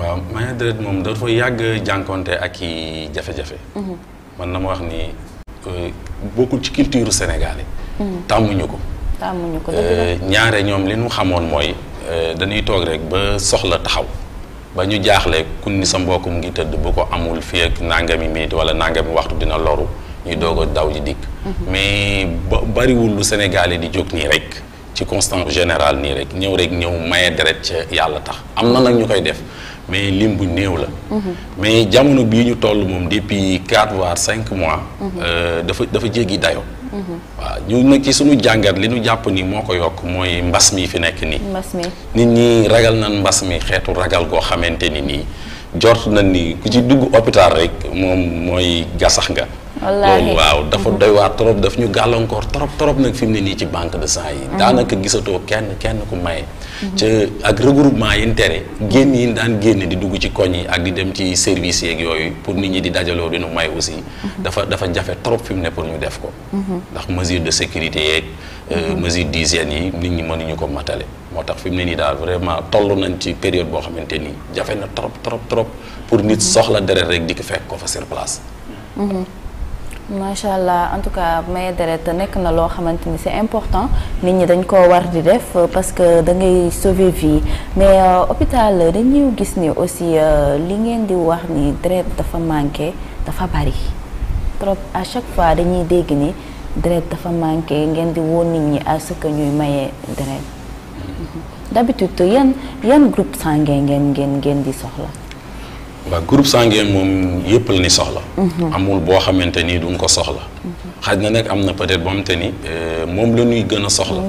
waaw maye deret moom dafa yàgg jànkonte ak i jafe-jafe. Mhm. man na ma wax ni euh, bokkul ci culture sénégalais. Mhm. tàmmuñu ko. tàmmuñu ko euh, ñaare ñoom li ñu xamoon mooy euh, dañuy toog rek ba soxla taxaw ba ñu jaaxle ku ni sa mbokk mu ngi tëdd bu ko amul fii ak nangami minute wala nangami waxtu dina loru ñuy doog daw ji dikk. Mhm. mais ba bariwul lu sénégalais di jóg nii rek. ci constant général nii rek ñëw rek ñëw maye deret ca yàlla tax am na nag ñu koy def mais lim bu néew la. mais jamono bii ñu toll moom depuis quatre voire cinq mois. Euh, dafa dafa jéggi dayo waaw ñu nag ci suñu jàngat li ñu jàpp ni moo ko yokk mooy mbas mi fi nekk nii. nit ñi ragal nan mbas mi xeetu ragal goo xamante ni nii jort na ni ku ci dugg hôpital rek moom mooy gasax nga. loolu waaw dafa mhm. doy waar trop daf ñu gàllankoor trop trop nag fi mu ne nii ci banque de sang yi. Mhm. daanaka gisatoo kenn kenn ku maye. ca ak regroupement yi ñu génn yi daan génn di dugg ci koñ yi ak di dem ci service yeeg yooyu pour nit ñi di dajaloo di nu may aussi. Mhm. dafa dafa jafe trop fi mu ne pour ñu def ko. Mhm. ndax mesure de sécurité yeeg. Euh, mhm. mesure d'hygiène yi nit ñi mënuñu ko matale. moo tax fi mu ne nii daal vraiment toll nañ ci période boo xamante ni jafe na trop trop trop pour nit soxla deret rek di ko fekk ko fa sur place. macha en tout cas maye deret nekk na loo xamante ni c'est important nit ñi dañ koo war di def parce que da ngay sauver vie mais euh, hôpital dañuy gis euh, ni aussi li ngeen di wax ni deret dafa manqué dafa bari trop à chaque fois dañuy dégg ni deret dafa manqué ngeen di woo nit ñi à ce que ñuy maye deret d'habitude yan yan groupe sanguin ngeen ngeen ngeen di soxla waaw groupe sanguin moom yëpp la ni soxla. Mhm. amul boo xamante ni duñ ko soxla. Mhm. xaj na nag am na peut-être boo xamante euh, moom la ñuy gën a soxla.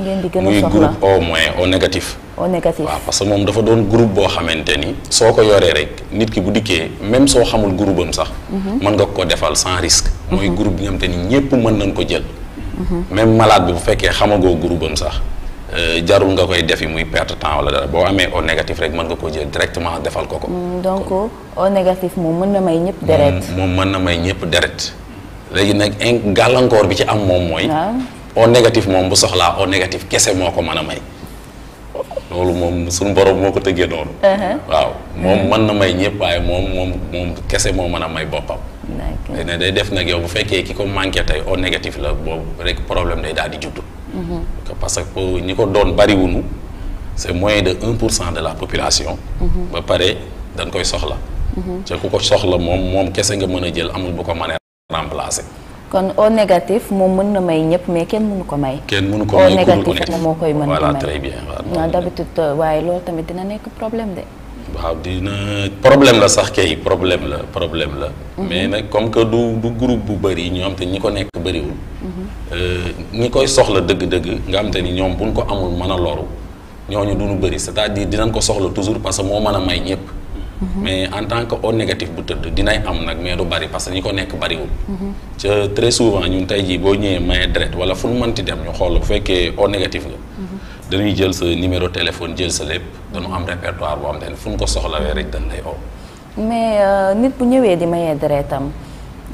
muy groupe O moins au négatif. O négatif parce que moom dafa doon groupe boo xamante ni. soo ko yoree rek nit ki bu dikkee même soo xamul groupe am sax. Mhm. mën nga ko defal sans risque. mooy groupe bi nga xamante ni ñëpp mën nañ ko jël. même malade bi bu fekkee xamagoo groupe am sax. Euh, jarul nga koy defi muy perte temps wala dara boo amee au négatif rek mën nga ko jël directement defal ko ko. Mm, donc au négatif moom mën na may ñëpp deret. Mm, moom mën na may ñëpp deret léegi nag gàllankoor bi ci am moom mooy. au négatif moom bu soxlaa au négatif kese moo ko man a may. loolu moom suñu borom moo ko tëggee noonu. Uh-huh. waaw moom mën na may ñëpp waaye moom moom kese moo mën a may boppam. ne day def nag yow bu fekkee ki ko manqué tey au négatif la boobu rek problème day daal di juddu. Mm-hmm. parce que ñi ko doon wunu c'est moins de 1 de la population. Mm-hmm. ba paré dañ koy soxla. Mm-hmm. te ku ko soxla mom mom kese nga mën jël amul bu ko mané remplacer. kon au négatif mom mën na may ñëpp mais kenn mënu ko may. kenn mënu ko may au négatif mo koy mën a voilà très bien. waaw d'habitude waye loolu tamit dina nek problème de. waaw dina problème la sax kay problème la problème la. Mhm. mais nag comme que du du groupe bu bëri ñoom te ñi ko nekk bëriwul. Mhm. Euh, ñi koy soxla dëgg-dëgg nga xam te ni ñoom buñ ko amul man a loru ñooñu duñu bëri c'est-à-dire dinañ ko soxla toujours parce que moo man a may ñëpp. Mhm. mais en tant que O négatif bu tëdd dinay am nag mais du bari parce que ñi ko nekk bariwul. ca très souvent ñun tey jii boo ñëwee maye deret wala fu nu mënti dem ñu xool bu fekkee O négatif jël sa numéro téléphone jël sa lépp. dañu am répertoire boo xam ne fu ñu ko soxlawee rek dañ o oo mais euh, nit bu ñëwee di mayee deretam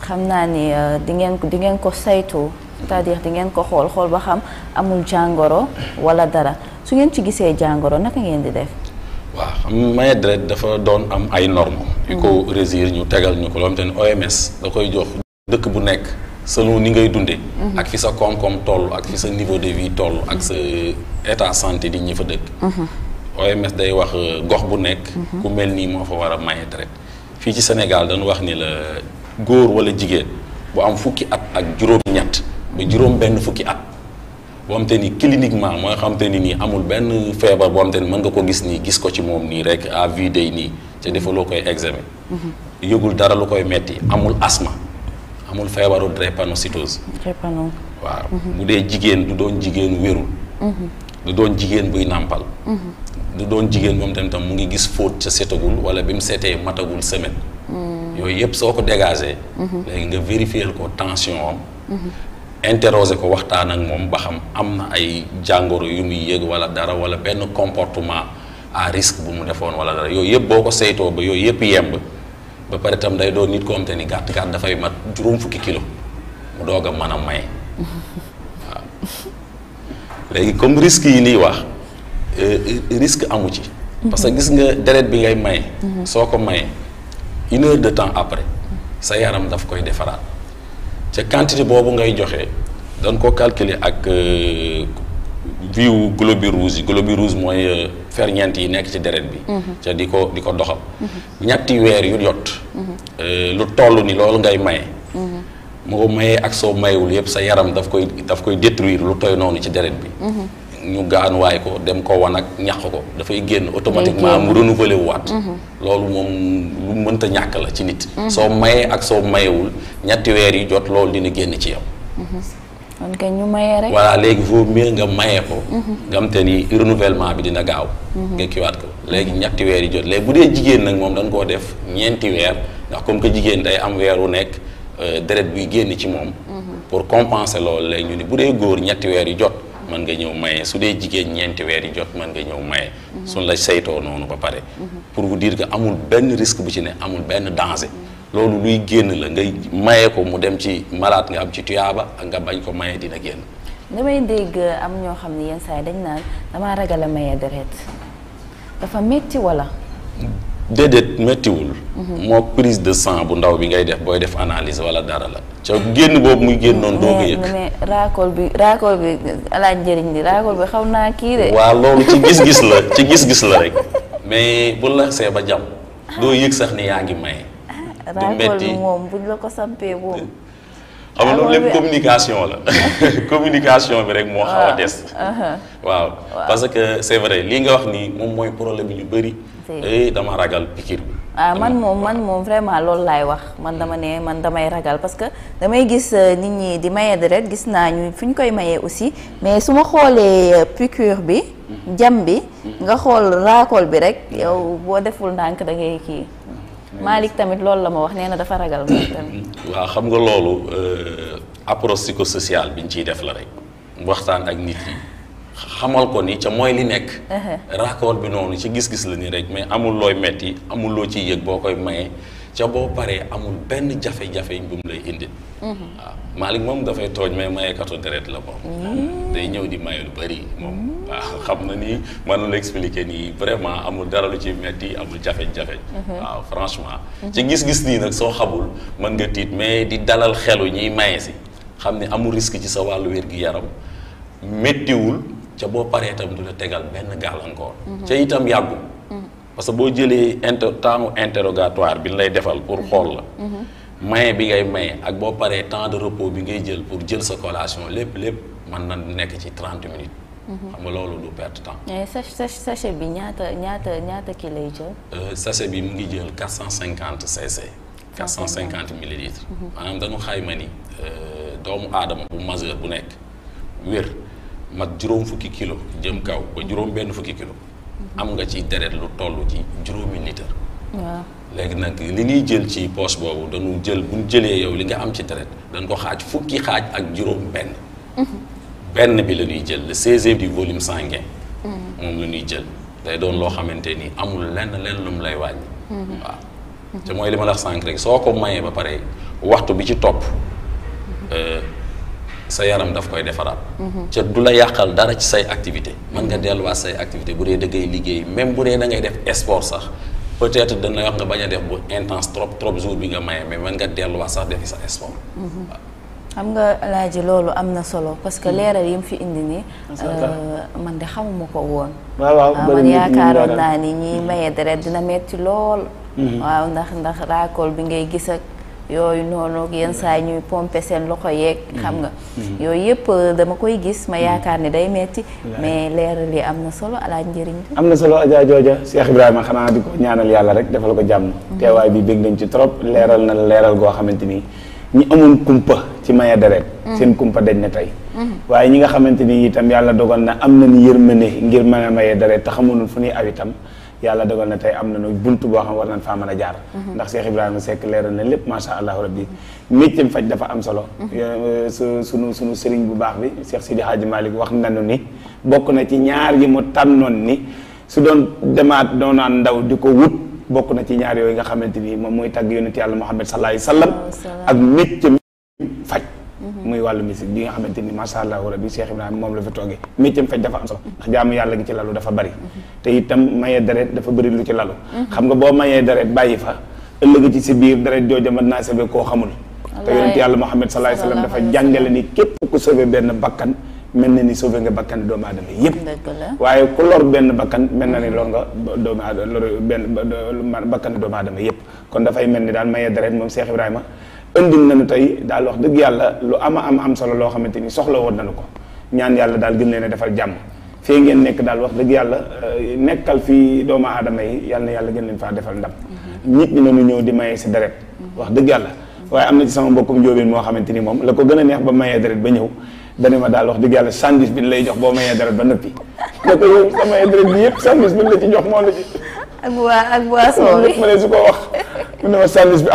xam naa ni euh, di ngeen di ngeen ko saytu cest di ngeen ko xool xool ba xam amul jàngoro wala dara su ngeen ci gisee jàngoro naka ngeen di def waaw xam maye deret dafa doon am ay normes yu ko mm-hmm. régir ñu tegal ñu ko loo xam te OMS da koy jox dëkk bu nekk selon ni ngay dunde mm-hmm. ak fi sa koom-koom toll ak fi sa niveau de vie toll ak sa état santé di ñu fa dëkk mm-hmm. OMS day wax euh, gox bu nekk. Mhm. ku mel nii moo fa war a maye deret fii ci senegal dañu wax ni la góor walla jigéen bu am fukki at ak juróom-ñett ba juróom-benn fukki at boo xam te ni cliniquement mooy xam te ni nii amul benn feebar boo xam te ni mën nga ko gis nii gis ko ci moom nii rek à vue nii te defaloo koy examen. Mhm. yëgul dara lu koy metti amul asthme amul feebaru drépanocytose. drépano waaw mhm. bu dee jigéen du doon jigéen wérul. du doon jigéen buy nàmpal. lu doon jigéen moom tamit tam mu ngi gis fóot ca setagul wala bi mu setee matagul semaine. Hmm. yooyu yëpp soo ko dégagé. Hmm. léegi nga vérifier ko tension am. Hmm. interroger ko waxtaan ak moom ba xam am na ay jàngoro yu mu yëg wala dara wala benn comportement à risque bu mu defoon wala dara yooyu yëpp boo ko seytoo ba yooyu yëpp yemb ba pare tam day doon nit ko am te ni gàtt gàtt dafay mat juróom fukki kilo mu doog a mën a may. waaw léegi comme risque yi nii wax. Euh, risque amu ci. parce que gis nga deret bi ngay maye. soo ko maye une heure de temps après sa yaram daf koy defaraat ca quantité boobu ngay joxe dañ ko calculer ak euh, viu globules rouges yi globules rouges mooy euh, ferñeent yi nekk ci deret bi. Mhm. ca di ko di ko doxal. Mhm. ñetti weer yu yot. Mhm. lu toll ni loolu ngay maye. moo ko ak soo mayewul yëpp sa yaram daf koy daf koy détruire lu toy noonu ci deret bi. ñu gaanuwaay ko dem ko wan ak ñàq ko dafay génn automatiquement mu renouveler wu waat mhm. loolu moom lu mënta ñàkk la ci nit mhm. soo mayee ak soo mayewul ñetti weer yi jot loolu dina génn ci yow mhm. kon kay ñu mayee rek voilà léegi vaut mieux nga mayee ko ngam te ni renouvellement bi dina gaaw nga kiwaat ko léegi ñetti weer yi jot léegi bu dee jigéen nag moom dañ koo def ñeenti weer ndax comme que jigéen day am weer wu nekk euh, deret buy génn ci moom pour compenser loolu léegi ñu ni bu dee weer yi jot mën nga ñëw maye su dee jigéen ñeenti weer yi jot mën nga ñëw maye. suñ la saytoo noonu ba pare. pour vous dire que amul benn risque bu ci ne amul benn danger. loolu luy génn la ngay maye ko mu dem ci malaat nga am ci tuyaaba ak nga bañ ko maye dina génn. damay dégg am ñoo xam ne yenn saa yi dañ naan damaa ragal a maye deret dafa métti wala. déedéet méttiwul. Mhm. moo prise de sang bu ndaw bi ngay def booy def analyse wala dara la. ca génn boobu muy génnoon doog bi raakool bi alaaj njëriñ li raakool naa kii de. ci gis-gis la ci gis-gis la rek mais bu la ba jam doo yëg sax ni ah, moom ko sampee boobu. lépp communication la communication bi rek moo xaw a des. waaw uh-huh. parce que c'est vrai lii nga wax nii moom mooy problème yu bëri. Eh, dama ragal piqûre bi. ah man moom man moom vraiment loolu laay wax man dama ne man damay ragal parce que damay gis euh, nit ñi di maye deret gis naa ñu fi ñu koy mayee aussi mais su ma xoolee euh, piqûre bi. jam bi. nga xool raakool bi rek. yow boo deful ndànk da ngay kii. Malick tamit loolu la ma wax nee na dafa ragal moom tamit. waaw xam nga loolu euh, approche psychosociale bi ñu ciy def la rek waxtaan ak nit yi. xamal ko ni ca mooy li nekk. Uh-huh. raccord bi noonu ci gis-gis la nii rek mais amul looy metti amul loo ciy yëg boo koy maye ca boo paree amul benn jafe-jafe bu indi. waaw uh-huh. ah, moom dafay tooñ mais mayekatu deret la moom. Mm. day ñëw di maye lu bëri ah, xam na ni man la expliqué nii vraiment amul dara lu ci metti amul jafe-jafe. waaw uh-huh. ah, franchement. ci gis-gis nii nag soo xamul mën nga tiit mais di dalal xelu ñiy maye si xam ne amul risque ci sa wàllu wér-gi-yaram méttiwul. ca boo paree itam du la tegal benn gàllankoor. ca itam yàggu. parce que boo jëlee inter temps interrogatoire bi lay defal pour xool la. maye bi ngay maye ak boo paree temps de repos bi ngay jël pour jël sa collation lépp lépp man na nekk ci 30 minutes. xam nga loolu du perte temps. mais sachet bi ñaata ñaata ñaata ki lay jël. Euh, sachet bi mu ngi jël 450 cc. 450 millilitres. Mm-hmm. maanaam dañu xayma ni euh, doomu aadama bu majeur bu nekk wér. mag juróom fukki kilo jëm kaw ba juróom benn fukki kilo am nga ci deret lu toll ci juróomi litre waaw léegi nag li ñuy jël ci poche boobu dañu jël bu ñu jëlee yow li nga am ci deret dañ ko xaaj fukki xaaj ak juróom benn benn bi la jël le seizième du volume sanguin moom la ñuy jël day doon loo xamante ni amul lenn lenn lu mu lay wàññi waaw te mooy li ma la wax sànq rek soo ko mayee ba pare waxtu bi ci topp euh, sa yaram daf koy defaral mhm. ci du la yàqal dara ci say activité man nga delu wa say activité bu re da ngay liggéey même bu re da ngay def sport sax peut-être dana wax nga baña def bu intense trop trop jour bi nga maye mais man nga delu wa sax def sa sport mhm. xam nga laaji lolu amna solo parce que mhm. leral yim fi indi ni euh, man de xamuma ko woon ah, man yaakaaroon na ni ñiy maye deret dina metti lol waaw ndax ndax raakool bi ngay gis ak yooyu noonu yenn saa yi ñuy pomper seen loxo yeeg. Mhm. xam nga mhm. yooyu yëpp euh, dama koy gis ma mhm. yaakaar ne day metti mais leeral yi am na solo alaaj njëriñ la. am na solo Adja Jooja Cheikh ma xanaa di ko ñaanal yàlla rek defal ko jàmm. teewaay bi bég nañ ci trop leeral na leeral goo xamante ni ñi amoon kumpa ci maya deret. seen kumpa dañ na tey. waaye ñi nga xamante ni itam yàlla dogal na am nañu yërmande ngir mën a maye deret te xamuñu fu ñuy aw itam. yàlla dogal na tey am nañu buntu boo xam war nañ faa mën a jaar mhm. ndax Cheikh Ibrahima Seck leeral na lépp macha allah rabbi méccam faj dafa am solo mhm. euh, su sunu sunu sëriñ bu baax bi Cheikh Sidi Hadji wax nanu ni bokk na ci ñaar yi mu tànnoon ni su doon demaat doonaan ndaw di ko wut bokk na ci ñaar yooyu nga xamante ni moom mooy tagg yonent yàlla Muhammad sallallahu alayhi wasallam ak méccam faj Mhm. muy wàllu musique bi nga xamante ni macha allah bi Cheikh Ibrahima moom la fi toogee métier faj dafa am solo mhm. ndax jaamu yàlla gi ci lalu dafa bari mhm. te itam mayee deret dafa bëri lu ci lalu xam nga boo mayee deret bàyyi fa ëllëg ci si biir deret jooja mën naa sauvé koo xamul te yonent yàlla Muhammad sallallahu alayhi wasallam dafa jàngale ni képp ku sauvé benn bakkan mel na ni sauvé nga bakkan doomu aadama yëpp waaye ku lor benn bakkan mel na ni lor nga doomu aadama lor benn bakkan doomu aadama yëpp kon dafay mel ni daal mayee deret moom Cheikh Ibrahima indi nañu tey daal wax dëgg yàlla lu ama am am solo loo xamante ni soxla woon nañu ko ñaan yàlla daal gën leen a defal jàmm fee ngeen nekk daal wax dëgg yàlla euh, nekkal fi doomu aadama yi yàlla na gën leen faa defal ndam mm-hmm. nit ñi nañu ñëw di maye si deret mm-hmm. wax dëgg yàlla waaye am na ci sama mbokkum njóobeen moo xamante ni moom la ko gën a neex ba mayee ba ñëw dane ma daal wax dëgg yàlla sandwich bi lay jox boo mayee deret ba noppi da ko yow sa mayee la jox moo la ci ak waa ak waa soo lépp ma ne su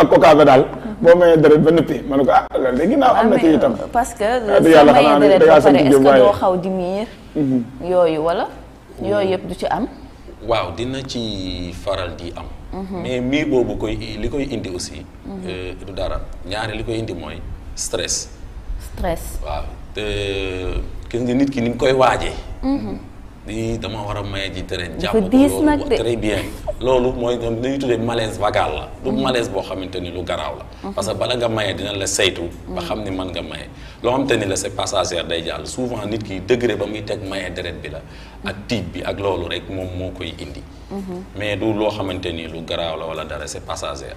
ko boo mayee deret ba noppi ma ne ko ah loolu de ginnaaw am na ci itam. parce que yàlla xanaa ne da ngaa sant est-ce que doo xaw di miir. Mhm. yooyu wala mhm. yooyu yëpp du ci am. waaw dina ci faral di am. Mhm. mais miir boobu koy li koy indi aussi. Euh, du dara ñaare li koy indi mooy stress. stress waaw te gis nit ki ni mu koy waajee. Di dama wara a maye ji terrain jàpp loolu très bien lolu moy li ñuy malaise vagal la du hmm. malaise bo xamanteni lu garaaw la hmm. parce que bala nga maye dina la seytu ba hmm. xamni man nga maye lo xamante ni la c'est passager day jall souvent nit ki degré ba muy tek maye deret bi la ak tiit bi ak lolu rek mom moo koy indi mais du lo xamanteni lu garaaw la wala dara c'est passager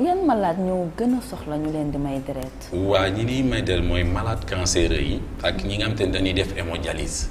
yan malade ñu gëna soxla ñu leen di maye deret wa ñi ni may del moy malade cancéreux yi ak ñi nga xamante dañuy def hémodialyse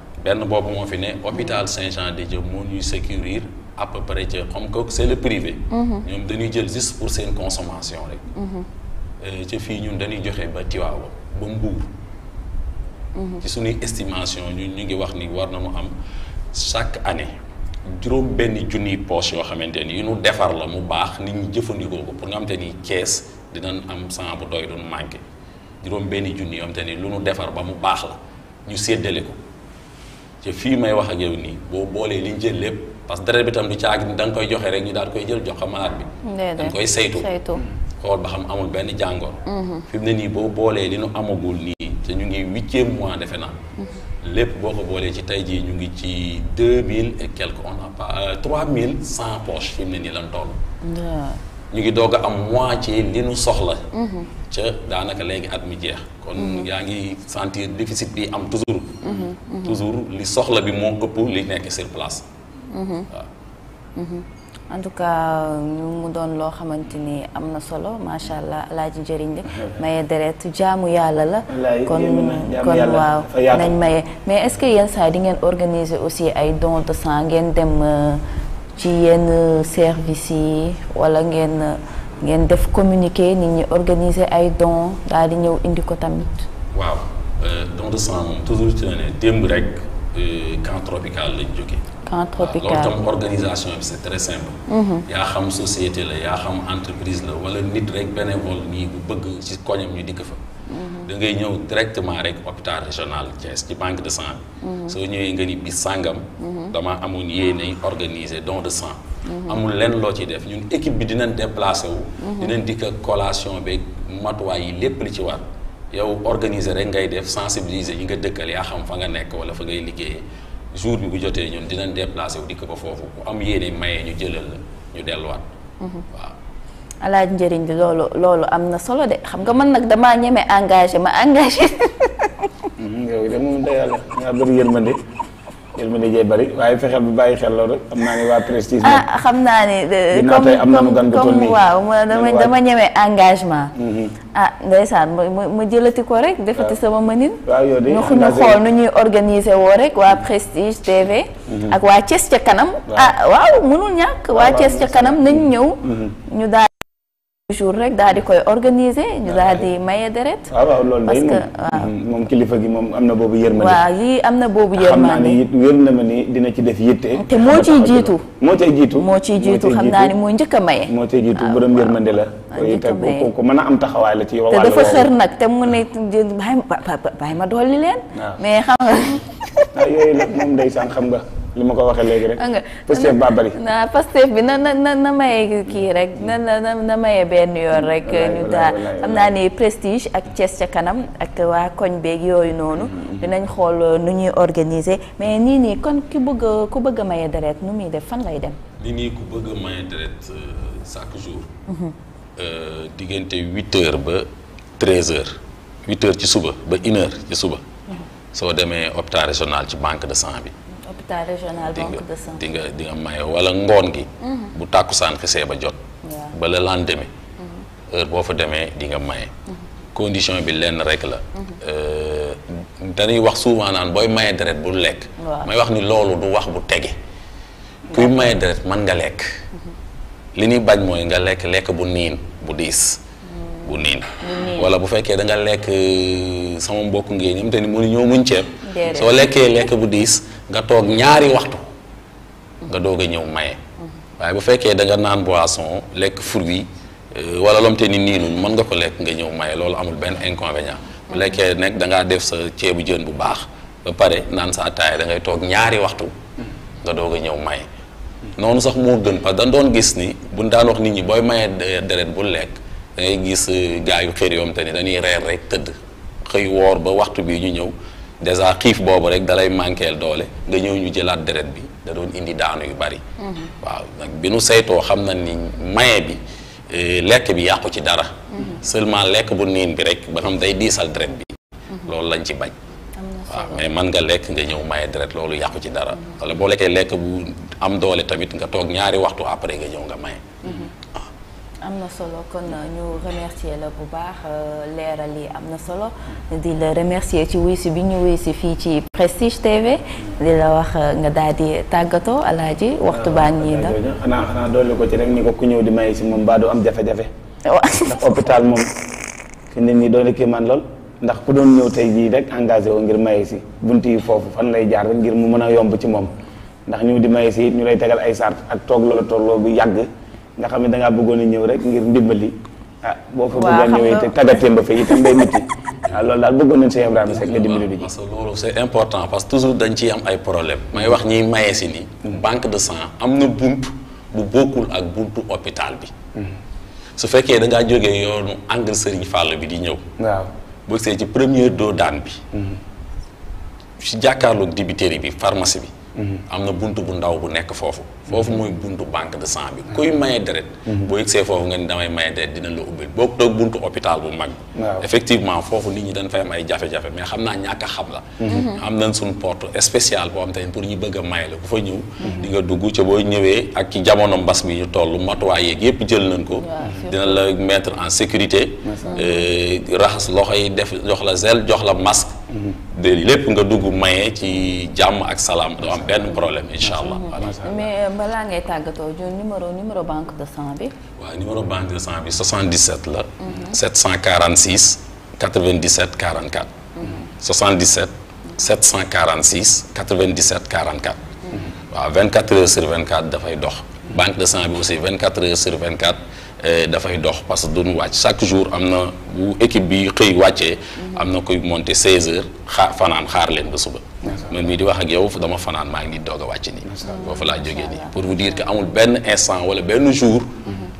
ben bobu mo fi né hôpital Saint-Jean de Dieu moo ñuy sécuriser à peu près ci xam ko c'est le privé. Mhm. ñom dañuy jël juste pour seen consommation rek. Mhm. euh ci fi ñun dañuy joxé ba Tiwaawa ba Mbour. Mhm. ci suñuy estimation ñun ñu ngi wax ni war na mu am chaque année juroom benn junniy poche yoo xamante ni yu ñu defar la mu baax nit ñi jëfandikoo ko pour nga xamante ni kees dinañ am sang bu doy duñ manqué juróom benn junni yoo xamante ni lu ñu defar ba mu baax la ñu séddale ko. te fii may wax ak nii boo boolee li jël lépp parce que deret bi tam du caag ni koy joxe rek ñu daal koy jël jox ko malade bi. da nga koy saytu xool ba xam amul benn jàngoor. Mm-hmm. fi mu ne nii boo boolee li nu amagul nii te ñu ngi huitième mois defe naa. Mm-hmm. lépp boo ko boolee ci tey jii ñu ngi ci deux mille et quelque on a pas euh, trois mille cent poches fi mu ne nii lan toll. ñu ngi doog a am ci li nu soxla. Mm-hmm. ca daanaka léegi at mi jeex kon mhm. yaangi sentir déficit bi am toujours toujours li soxla bi mo ëpp li nekk sur place mhm. Mhm. en tout cas ñu mu doon lo xamanteni amna solo ma sha macha allah alaaji jeriñ de maye deret jaamu yalla la kon kon waaw nañ maye mais est-ce que yeen saa di ngeen organiser aussi ay don de sang ngeen dem euh, ci yeen service yi wala ngeen ngeen def communiqué nit ñi organiser ay dons daal di ñëw indi ko tamit. waaw euh, don de sang moom toujours ci ne démb rek euh, camp tropical lañ jóge camp tropical loolu tam organisation bi c'est très simple. Mm-hmm. yaa xam société la yaa xam entreprise la wala nit rek bénévole nii bu bëgg ci koñam ñu dikk fa. Mm-hmm. da ngay ñëw directement rek hôpital régional Thiès ci banque de sang mm-hmm. soo ñëwee nga ni bis sangam. dama amoon yéenay organiser don de sang. Mhm. amul lenn loo ciy def ñun équipe bi dinañ déplacé wu. Mhm. dinañ dikk collation beeg matuwaay yi lépp li ci war. yow organiser rek ngay def sensibiliser ñi nga dëkkal yaa xam fa nga nekk wala fa ngay liggéeyee jour bi bu jotee ñun dinañ déplacé wu dikk ba foofu bu am yéene maye ñu jëlal la ñu delluwaat. Mhm. waaw. alaaj njëriñ li loolu loolu am na solo de xam nga man nag damaa ñeme engagé ma engagé. yow de moom de yàlla nga bëri yërmande yërmande jee bari waaye fexe bu bàyyi xel loolu rek naa ne waa prestige ah xam naa ne comme tey am nanu gan bu toll nii waaw dama dama ñeme engagement mhm. ah saan ma ma jëlati ko rek defati sama mënin waaw yow de ñu xool nu ñuy organiser woo rek waa prestige tv mhm. ak waa Thiès ca kanam ah waaw mënul ñàkk waa Thiès ca kanam nañ ñëw mhm. ñu daal jour rek daal di koy organiser ñu ah, daal di maye deret ah, waaw loolu parce moom kilifa gi moom am na boobu yërmande waaw yii am na boobu yërmande xam naa na ma dina ci def yitte te moo ciy jiitu moo ciy jiitu moo ciy jiitu xam naa ni mooy njëkk a maye moo ciy jiitu ah, borom yërmande la ko mën a am taxawaay la ci te dafa xër nag te mu ne bàyyi ma dolli leen mais xam nga yooyu la moom ndeysaan xam nga li ma ko waxee léegi rek. Pastef baa bari. na Pastef bi na na na na maye kii rek na na na maye benn yoon rek. ñu daal xam naa ni prestige ak Thiès ca kanam ak waa koñ beeg yooyu noonu. Mm-hmm. dinañ xool euh, nu ñuy organiser mais nii nii kon ki bëgg ku bëgg maye deret nu muy def fan lay dem. nii nii ku bëgg maye deret euh, chaque jour. Mm-hmm. Euh, diggante huit heures ba treize heures huit heures ci suba ba une ci suba. Mm-hmm. soo demee hôpital régional ci banque de sang bi. hôpital di nga di nga maye wala ngoon gi. Mhm. bu tàkkusaan xisee ba jot. ba le lendemain. Mhm. heure boo fa demee di nga maye. Mhm. condition bi lenn rek la. Euh, dañuy wax souvent naan booy maye deret bu lekk. may wax ni loolu du wax bu tege. kuy maye deret man nga lekk. li ñuy bañ mooy nga lekk lekk bu niin bu diis. Mm. bu niin wala bu fekkee da nga lekk euh, sama mbokk ngeen ñoom te ni mënu ñoo muñ ceeb. soo lekkee lekk bu diis. nga toog ñaari waxtu nga doog a ñëw maye mm-hmm. waaye bu fekkee da nga naan boisson lekk fruit euh, wala lomte ni niinuñ mën nga ko lekk nga ñëw maye loolu amul benn inconvénient bu mm-hmm. lekkee nekk da ngaa def sa ceebu jën bu baax ba pare naan sa ataaya da ngay toog ñaari waxtu mm-hmm. nga doog a ñëw maye noonu sax moo gën parce que dañ doon gis ni buñ daan wax nit ñi booy maye deret bu lekk da ngay gis euh, gaa yu xër yoom te ni dañuy reer rek tëdd xëy woor ba waxtu bii ñu ñëw dèjà xiif boobu rek dalay manqueel doole nga ñëw ñu jëlaat deret bi da indi daanu yu bari. Mhm. waaw nag bi nu saytoo xam na ni maye bi eh, lekk bi yàqu ci dara. Mhm. seulement lekk bu niin bi rek ba xam day diisal deret bi. Mhm. loolu lañ ci bañ. waaw mais mën nga lekk nga ñëw maye deret loolu yàqu ci dara. wala boo lekkee lekk bu am doole tamit nga toog ñaari waxtu après nga ñëw nga maye. am na solo kon euh, ñu remercier la bu baax euh, leeral yi am na solo di la remercier ci wuy si bi ñu wuy si fii ci Prestige TV di la wax euh, nga daal di tàggatoo alaaji waxtu baa ñii da ko ci rek ni ko ku ñëw di may si moom mbaa du am jafe-jafe ndax hôpital moom fi nit ñi doon kii man lool ndax ku doon ñëw tey jii rek engagé woo ngir maye si bunt yi foofu fan lay jaar rek ngir mu mën a yomb ci moom ndax ñëw di maye si ñu lay tegal ay sart ak toog loola toog bu yàgg nga xam ne da bëggoon a ñëw rek ngir ndimbali ah boo fa bëgg a ñëwee te tàggateem ba fa itam day métti waaw ah, loolu daal bëggoon nañ Cheikh Ibrahima Seck nga dimbali du ji parce ay problème may wax ñiy maye si ni hmm. banque de sang am na bunt bu bokkul ak buntu hôpital bi hmm. su fekkee da ngaa jógee yoonu angle Serigne Fall bi di ñëw waaw boo gisee ci première doo daan bi si hmm. jàkkaarloog dibiteri bi pharmacie bi am na bunt bu ndaw bu nekk foofu. foofu mooy buntu banque de sang bi. kuy maye deret. boo yegsee foofu nga ni damay maye deret dina la ubbil boo toog buntu hôpital bu mag. effectivement foofu nit ñi dan fay am ay jafe-jafe mais xam naa ñàkk xam la. Mhm. am nañ suñ porte spéciale boo xam te pour ñu bëgg a maye la ku fa ñëw. di nga dugg ca booy ñëwee ak ci jamono mbas mi ñu toll matuwaay yeeg yëpp jël nañ ko. dina la metre en sécurité. Euh, raxas loxo yi def jox la zel jox la masque. de lépp nga dugg maye ci jàmm ak salaam doo am benn problème incha allah. Mm-hmm. Mm-hmm. mais euh, balaa ngay tàggatoo jël numéro banque de sang bi. waaw numéro banque de sang bi 77 la. 746 97 44. 77 746 97 44. waaw 24 heures sur 24 dafay dox. banque de sang bi aussi 24 heures sur 24. Euh, dafay dox parce que duñu wàcc chaque jour am na bu équipe bi xëy wàccee mhm. am na koy monter 16 heures xaar fanaan xaar leen ba suba man mii di wax ak yow dama fanaan maa ngi doog a wàcc nii foofu laa jógee nii pour vous dire que amul benn instant wala benn jour mhm.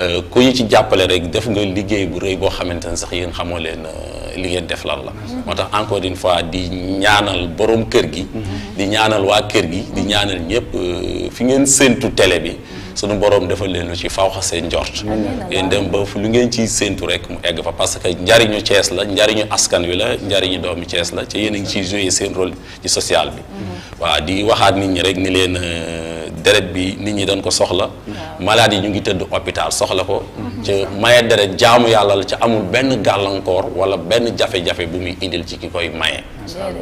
Euh, ku ñu ci jàppale rek def nga liggéey bu rëy boo xamante ne sax yéen xamoo leen euh, li ngeen def lan la. Mm-hmm. moo tax encore une fois di ñaanal boroom kër gi. Mm-hmm. di ñaanal waa kër gi di ñaanal ñëpp euh, fi ngeen séentu tele bi. sunu borom defal leen lu ci faaw xa seen njort. dem ba lu ngeen ci séentu rek mu egg fa parce que njariñu Cees la njariñu askan wi la njariñu doomi Cees la ci yéen a ngi ciy joué seen rôle ci social bi. Mm-hmm. waa di waxaat nit ñi rek ni leen. deret bi nit ñi dañ ko soxla malade yi ñu ngi teud hôpital soxla ko ci maye deret jaamu yalla la ci amul benn galankor wala benn jafé jafé bu muy indil ci ki koy maye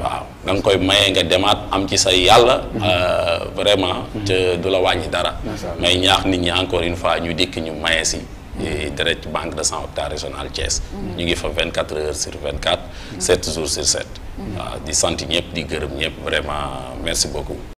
waaw da koy maye nga demat am ci say yalla euh, vraiment te dula la dara may ñaax nit ñi encore une fois ñu dik ñu maye si eh, direct banque de sang hôpital régional Thiès ñu ngi fa 24 heures sur 24 7 jours sur 7 di sant ñep di gërëm ñep vraiment merci beaucoup